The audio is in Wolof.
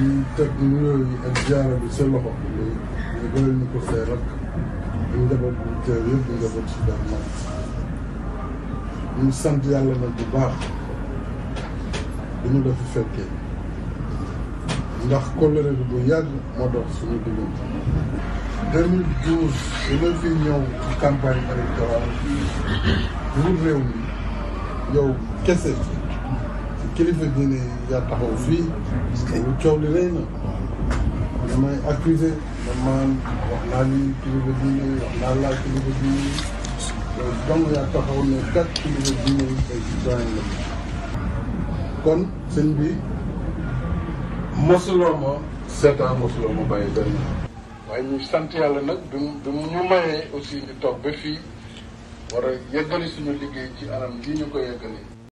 di teg nuyoo yi ak ziara bu sa loxo ñu gënal ñu ko say rakk ak njaboot bu teew yëpp njaboot si daal man ñu sant yàlla nag bu baax bi ñu fekkee ndax kóllëre bi bu yàgg moo dox suñu diggante 2012 bi nga fi ñëw ci campagne électorale pour réew mi yow kese kilifa diine yi yaa taxaw fii lu coow bi mosuloo ma seetaan mosuloo ma bàyyi benn waaye ñu sant yàlla nag bi mu ñu mayee aussi di toog ba fii war a yeggali suñu liggéey ci anam lii ñu ko yeggali